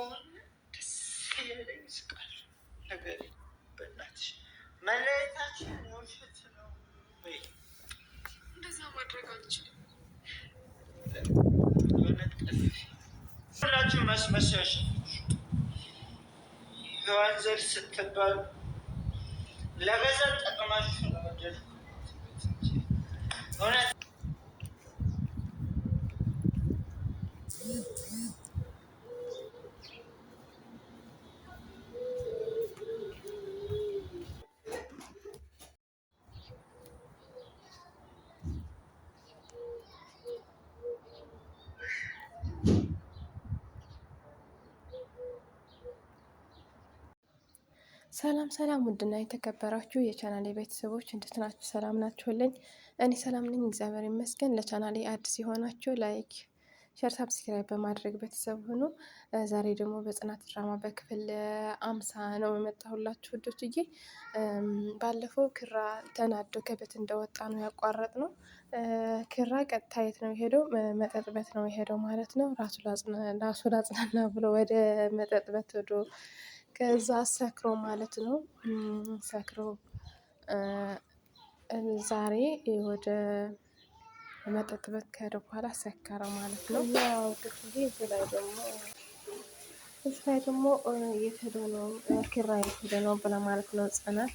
ከሆነ ደስ እያለኝ ስቃል ነገር በላች መለየታችን ውሸት ነው ወይ? እንደዛ ማድረግ አልችልም። ሁላችሁ መስመሻሽ ዘዋንዘር ስትባሉ ለገዛ ጠቅማችሁ ነው። ሰላም ሰላም፣ ውድና የተከበራችሁ የቻናሌ ቤተሰቦች እንዴት ናችሁ? ሰላም ናችሁልኝ? እኔ ሰላም ነኝ፣ እግዚአብሔር ይመስገን። ለቻናሌ አዲስ የሆናችሁ ላይክ፣ ሸር፣ ሳብስክራይብ በማድረግ ቤተሰብ ሁኑ። ዛሬ ደግሞ በጽናት ድራማ በክፍል አምሳ ነው የመጣሁላችሁ ውዶችዬ። ባለፈው ክራ ተናዶ ከቤት እንደወጣ ነው ያቋረጥ ነው። ክራ ቀጥታ የት ነው የሄደው? መጠጥ ቤት ነው የሄደው ማለት ነው። ራሱ ላጽናና ብሎ ወደ መጠጥ ቤት ወዶ ከዛ ሰክሮ ማለት ነው። ሰክሮ ዛሬ ወደ መጠጥ ቤት ከሄደ በኋላ ሰከረ ማለት ነው። ያው ጊዜ እዚህ ላይ ደግሞ እዚህ ላይ ደግሞ የተደ ነው ኪራይ የተደ ነው ብላ ማለት ነው ጽናት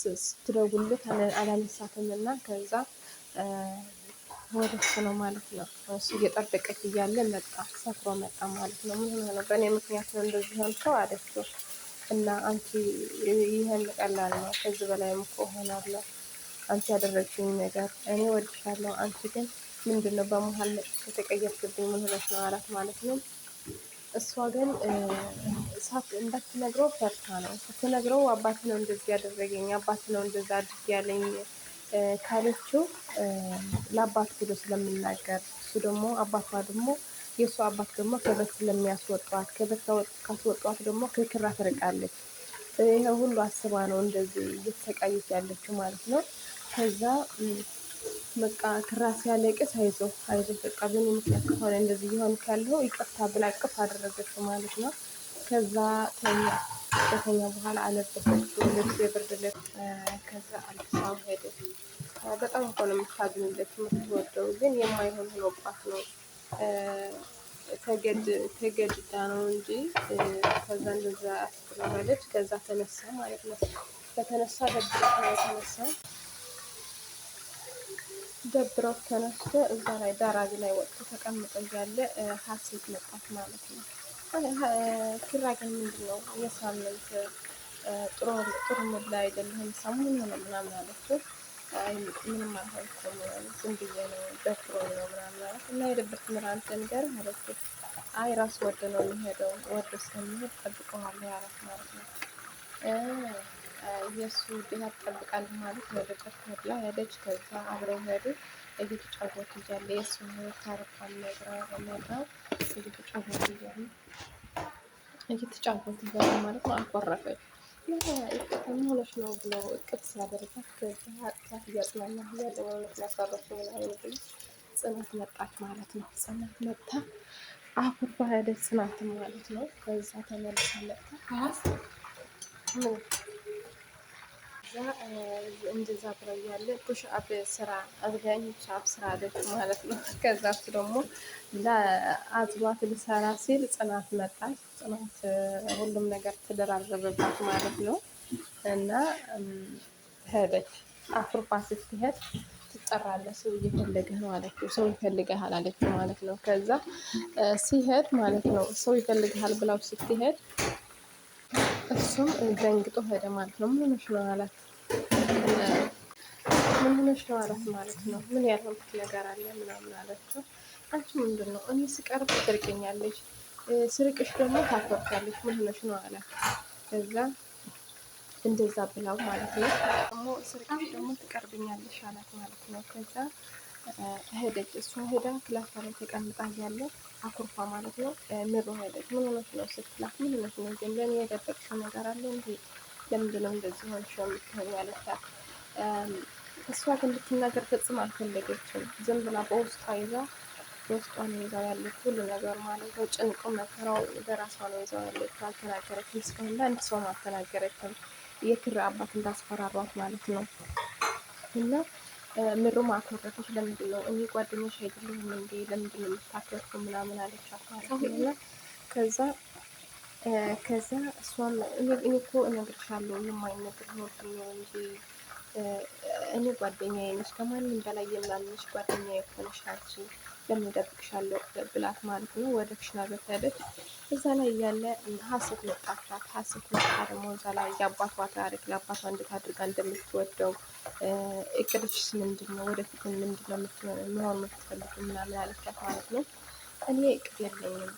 ስትደውልለት አላነሳትም እና ከዛ ወደ እሱ ነው ማለት ነው። እሱ እየጠበቀች እያለ መጣ፣ ሰክሮ መጣ ማለት ነው። ምን ሆነ? በእኔ ምክንያት ነው እንደዚህ ሆንከው አለችው እና አንቺ ይህን ቀላል ነው፣ ከዚህ በላይም እኮ እሆናለሁ። አንቺ ያደረግሽኝ ነገር እኔ ወድሻለሁ፣ አንቺ ግን ምንድን ነው በመሀል መጥቶ የተቀየርሽብኝ? ምን ሆነሽ ነው አላት ማለት ነው። እሷ ግን እሳት እንዳትነግረው ፈርታ ነው። ስትነግረው አባት ነው እንደዚህ ያደረገኝ፣ አባት ነው እንደዛ አድርግ ያለኝ ካለችው ለአባት ብሎ ስለምናገር እሱ ደግሞ አባቷ ደግሞ የእሱ አባት ደግሞ ከበት ስለሚያስወጧት ከበት ካስወጧት ደግሞ ክርክራ ትርቃለች። ይህ ሁሉ አስባ ነው እንደዚህ እየተሰቃየች ያለችው ማለት ነው። ከዛ በቃ ክራ ሲያለቅስ አይዞ አይዞ በቃ ምን ምክንያት ከሆነ እንደዚህ እየሆን ካለው ይቅርታ ብላ እቅፍ አደረገችው ማለት ነው። ከዛ ተኛ ከተኛ በኋላ አለበሰችው ልብስ የብርድ ልብስ ከዛ አልብሳ ሄደች። በጣም እኮ ነው የምታዝንለት የምትወደው፣ ግን የማይሆን ሆኖባት ነው ተገድዳ ነው እንጂ ከዛ እንደዛ አስብለዋለች። ከዛ ተነሳ ማለት ነው። በተነሳ ደብረት ነው የተነሳ ደብረት ተነስቶ እዛ ላይ ዳራቢ ላይ ወጥቶ ተቀምጦ እያለ ሀሴት መጣት ማለት ነው። ኪራ ግን ምንድን ነው የሳምንት ጥሩ ሙድ ላይ አይደለህም ሰሙን ሆነ ምናምን አለችው። አይ ምንም አልሆንኩም ዝም ብዬ ነው ደፍሮ ነው ምናምን አላት እና የደብርት ምራን ተንገር ማለት ነው። አይ ራሱ ወደ ነው የሚሄደው ወደ እስከሚሄድ ጠብቀዋለሁ ያላት ማለት ነው። የእሱ ድሃ ትጠብቃለህ ማለት ነው። ደብርት መብላ ሄደች። ከዛ አብረው ሄዱ እየተጫወቱ እያለ የእሱ ህይወት ታሪክ ነግረው እየተጫወቱ እያለ እየተጫወቱ እያለ ማለት ነው አልቆረፈች ምንሆነች ነው ብለው እቅፍ ሲያደርጋት ከዛ አቅፋት እያጽናናት እያለ እውነት ነበረች ምናምን ብሎ ጽናት መጣች ማለት ነው። ጽናት መጣ አኩርባ ሄደች ጽናት ማለት ነው። ከዛ ተመልሳ መጣ ምን ከዛ እንደዛ ብለው ያለ ፑሽ አፕ ስራ አዝጋኝ ፑሽ አፕ ስራ አለች ማለት ነው። ከዛ እሱ ደግሞ ለአዝሏት ልሰራ ሲል ጽናት መጣች። ጽናት ሁሉም ነገር ትደራረበባት ማለት ነው እና ሄደች። አፍርፋ ስትሄድ ትጠራለች። ሰው እየፈለገህ ማለት ነው፣ ሰው ይፈልግሃል አለች ማለት ነው። ከዛ ሲሄድ ማለት ነው ሰው ይፈልግሃል ብላው ስትሄድ እሱም ደንግጦ ሄደ ማለት ነው። ምን ሆነሽ ነው አላት። ምን ሆነሽ ነው አላት ማለት ነው። ምን ያልሆንኩት ነገር አለ ምናምን አለችው። አንቺ ምንድን ነው እኔ ስቀርብ ትርቀኛለሽ፣ ስርቅሽ ደግሞ ታፈርካለሽ። ምን ሆነሽ ነው አላት። ከዛ እንደዛ ብላው ማለት ነው። ደግሞ ስርቅሽ ደግሞ ትቀርብኛለሽ አላት ማለት ነው። ከዛ ሄደች። እሷ ሄዳ ክላሷ ላይ ተቀምጣ እያለ አኩርፋ ማለት ነው ምሮ ሄደች። ምን ሆነች ነው ስትላት፣ ምን ሆነች ነው ግን ለእኔ የደበቅሽው ነገር አለ እንዲ ለምንድን ነው እንደዚህ ሆንሽ የምትሆኝ አለቻት። እሷ ግን ልትናገር ፈጽም አልፈለገችም። ዝም ብላ በውስጧ ይዛ በውስጧ ነው ይዛው ያለች ሁሉ ነገር ማለት ነው። ጭንቁ መከራው በራሷ ነው ይዛው ያለች። አልተናገረችም። እስካሁን ለአንድ ሰው አልተናገረችም። የክር አባት እንዳስፈራሯት ማለት ነው እና ምሩ አኮረፈች። ለምንድን ነው እኔ ጓደኞች አይደለሁም እንዴ? ለምንድን ነው የምታከርኩ ምናምን አለቻት ከዛ ከዛ እሷም እኔ እኮ እነግርሻለሁ የማይነግር ኖርት ነው እንጂ እኔ ጓደኛዬ ነሽ፣ ከማንም በላይ የምናምንሽ ጓደኛዬ እኮ ነሽ አንቺ ለምን እደብቅሻለሁ ብላት ማለት ነው ወደ ክሽና ቤት ሄደች። እዛ ላይ እያለ ሀሴት መጣቻት። ሀሴት መጣ ደግሞ እዛ ላይ የአባቷ ታሪክ ለአባቷ እንዴት አድርጋ እንደምትወደው እቅድሽስ ምንድን ነው? ወደፊት ምንድን ነው ምሆን ምትፈልግ ምናምን አለቻት ማለት ነው። እኔ እቅድ የለኝም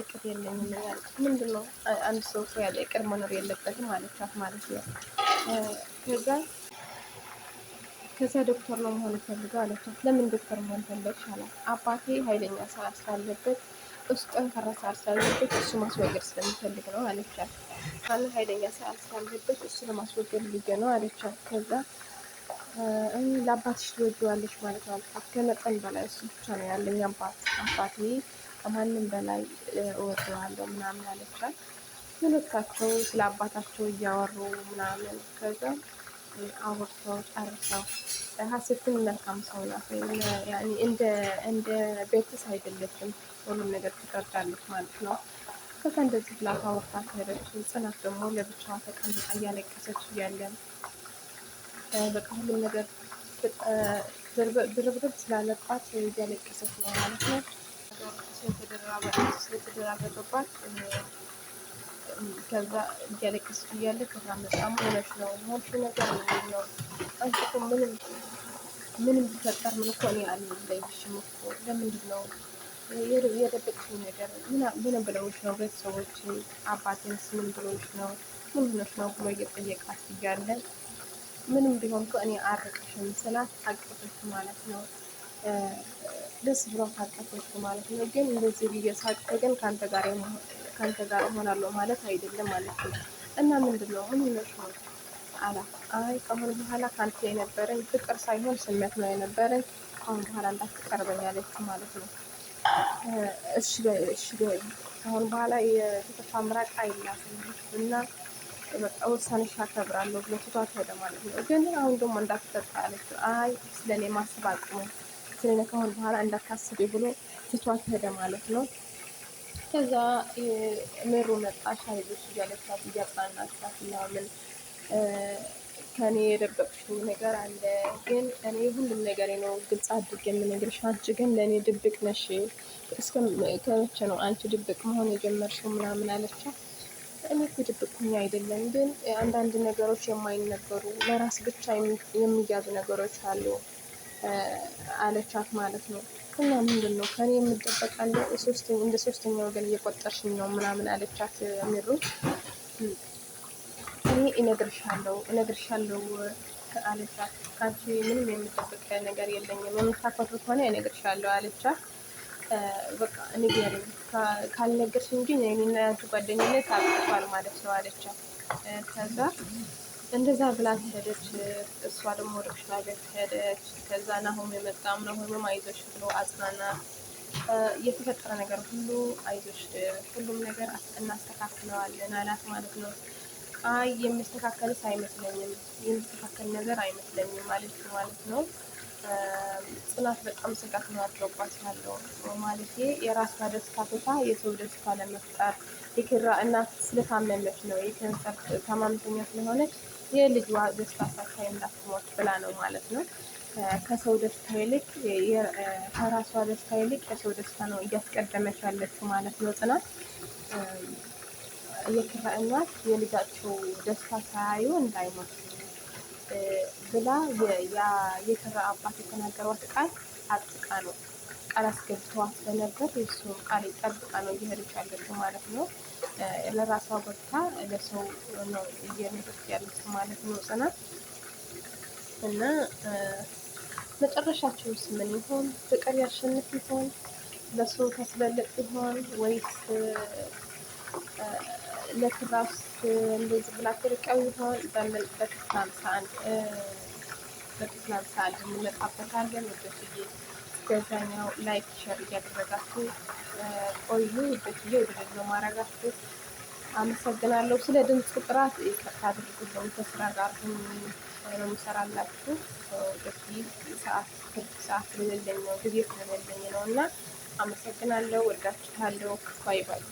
እቅድ የለኝም ያለች ምንድን ነው አንድ ሰው ያለ እቅድ መኖር የለበትም አለቻት ማለት ነው ከዛ ከዚያ ዶክተር ነው መሆን ፈልገው አለቻት። ለምን ዶክተር መሆን ፈለግሽ አላት። አባቴ ኃይለኛ ሰዓት ስላለበት እሱ ጠንካራ ሰዓት ስላለበት እሱ ማስወገድ ስለሚፈልግ ነው አለቻት። አና ኃይለኛ ሰዓት ስላለበት እሱ ለማስወገድ ልጅ ነው አለቻት። ከዛ ለአባትሽ ትወጂዋለሽ ማለት ነው አልኳት። ከመጠን በላይ እሱ ብቻ ነው ያለኝ አባት አባቴ ከማንም በላይ እወደዋለሁ ምናምን አለቻት። ሁለታቸው ስለ አባታቸው እያወሩ ምናምን ከዛ ያለበትን አውርተው ጨርሰው ሀሴትን መልካም ሰው ናት። እንደ ቤትስ አይደለችም። ሁሉም ነገር ትረዳለች ማለት ነው። ከዛ እንደዚህ ብላ አውርታ ሄደች። ጽናት ደግሞ ለብቻዋ ተቀምጣ እያለቀሰች እያለን በቃ ሁሉም ነገር ብርብርብ ስላለባት እያለቀሰች ነው ማለት ነው። የተደራረበባት ከዛ እያለቀስኩ እያለ ከዛ መጣሙ እውነት ነው ሞሽ ነገር ነው? አንቺ እኮ ምንም ምንም ቢፈጠር ምን እኮ እኔ አልለይሽም እኮ ለምንድን ነው የደበቅሽኝ ነገር ምን ብለውሽ ነው? ቤተሰቦች አባቴንስ ምን ብለውሽ ነው? ምን ሆነሽ ነው ብሎ እየጠየቃት እያለ ምንም ቢሆን እኮ እኔ አርቅሽም ስላት አቀፈች ማለት ነው። ደስ ብሎ ታቀፈች ማለት ነው። ግን እንደዚህ ብዬ ሳቅ ግን ከአንተ ጋር ከአንተ ጋር እሆናለሁ ማለት አይደለም ማለት ነው። እና ምንድን ነው አሁን ይመስሉ አላ አይ ከአሁን በኋላ ከአንተ የነበረኝ ፍቅር ሳይሆን ስሜት ነው የነበረኝ። ከአሁን በኋላ እንዳትቀርበኝ እንዳትቀርበኛለች ማለት ነው። እሺ እሺ፣ ከአሁን በኋላ የፍቅር ምራቅ አይላትም እና በቃ ውሳኔሽ አከብራለሁ ብሎ ትቷት ሄደ ማለት ነው። ግን አሁን ደግሞ እንዳትጠጣ አለችው። አይ ስለኔ ማስብ አቅሙ ስለኔ ከአሁን በኋላ እንዳታስቢ ብሎ ትቷት ሄደ ማለት ነው። ከዛ ምሩ መጣሽ አይዞሽ እያለቻት እያጽናናቻት ምናምን ከኔ የደበቅሽኝ ነገር አለ፣ ግን እኔ ሁሉም ነገር ነው ግልጽ አድርጌ የምነግርሽ። አንቺ ግን ለእኔ ድብቅ ነሽ። ከመቼ ነው አንቺ ድብቅ መሆን የጀመርሽው? ምናምን አለቻት። እኔ እኮ ድብቅ ሁኜ አይደለም፣ ግን አንዳንድ ነገሮች የማይነገሩ ለራስ ብቻ የሚያዙ ነገሮች አሉ አለቻት ማለት ነው እና ምንድን ነው ከኔ የምጠበቃለ እንደ ሶስተኛ ወገን እየቆጠርሽኝ ነው ምናምን አለቻት ምሩ። እኔ እነግርሻለሁ እነግርሻለሁ አለቻት። ከአንቺ ምንም የምጠበቀ ነገር የለኝም የምታፈቱ ከሆነ እነግርሻለሁ አለቻት። በቃ ንገሪኝ ካልነገርሽ እንጂ እኔና ያንቺ ጓደኝነት አብቅቷል ማለት ነው አለቻት። ከዛ እንደዛ ብላት ሄደች። እሷ ደግሞ ወደ ኩሽና ቤት ሄደች። ከዛ ናሆም የመጣም ናሆምም አይዞሽ ብሎ አጽናና። የተፈጠረ ነገር ሁሉ አይዞሽ፣ ሁሉም ነገር እናስተካክለዋለን አላት ማለት ነው። አይ የሚስተካከልስ አይመስለኝም፣ የሚስተካከል ነገር አይመስለኝም ማለት ማለት ነው። ጽናት በጣም ስጋት ነው ያለው ማለት የራሷ ደስታ ቦታ የሰው ደስታ ለመፍጠር የክራ እናት ስለታመመች ነው የካንሰር ታማምተኛ ስለሆነች የልጅዋ ደስታ ሳታ እንዳትሞት ብላ ነው ማለት ነው። ከሰው ደስታ ይልቅ ከራሷ ደስታ ይልቅ የሰው ደስታ ነው እያስቀደመች ያለችው ማለት ነው። ጽናት የኪራ እናት የልጃቸው ደስታ ሳያዩ እንዳይሞት ብላ የኪራ አባት የተናገሯት ቃል አጥቃ ነው ቃል አስገብተዋት በነበር የእሱ ቃል ይጠብቃ ነው እየሄደች ያለች ማለት ነው። ለራሷ በርታ ለሰው ነው እየኖረች ያለች ማለት ነው ጽናት እና መጨረሻቸውስ ምን ይሆን? ፍቅር ያሸንፍ ይሆን? ለሱ ታስበለጥ ይሆን ወይስ ለትራስ እንደዚህ ብላ ትርቀው ይሆን? በምን በክፍል ሃምሳ አንድ በክፍል ሃምሳ አንድ እንመጣበታለን ወደፊት በዛኛው ላይክ ሸር እያደረጋችሁ ቆዩ። ውዶችዬ ወደደግ ነው ማድረጋችሁ። አመሰግናለሁ። ስለ ድምፅ ጥራት ይቅርታ አድርጉልኝ። ተስራ ጋር ነው የምሰራላችሁ በዚህ ሰዓት ስድስት ሰዓት ስለሌለኝ ነው ጊዜ ስለሌለኝ ነው እና አመሰግናለሁ። ወዳችኋለሁ። ባይ ባይ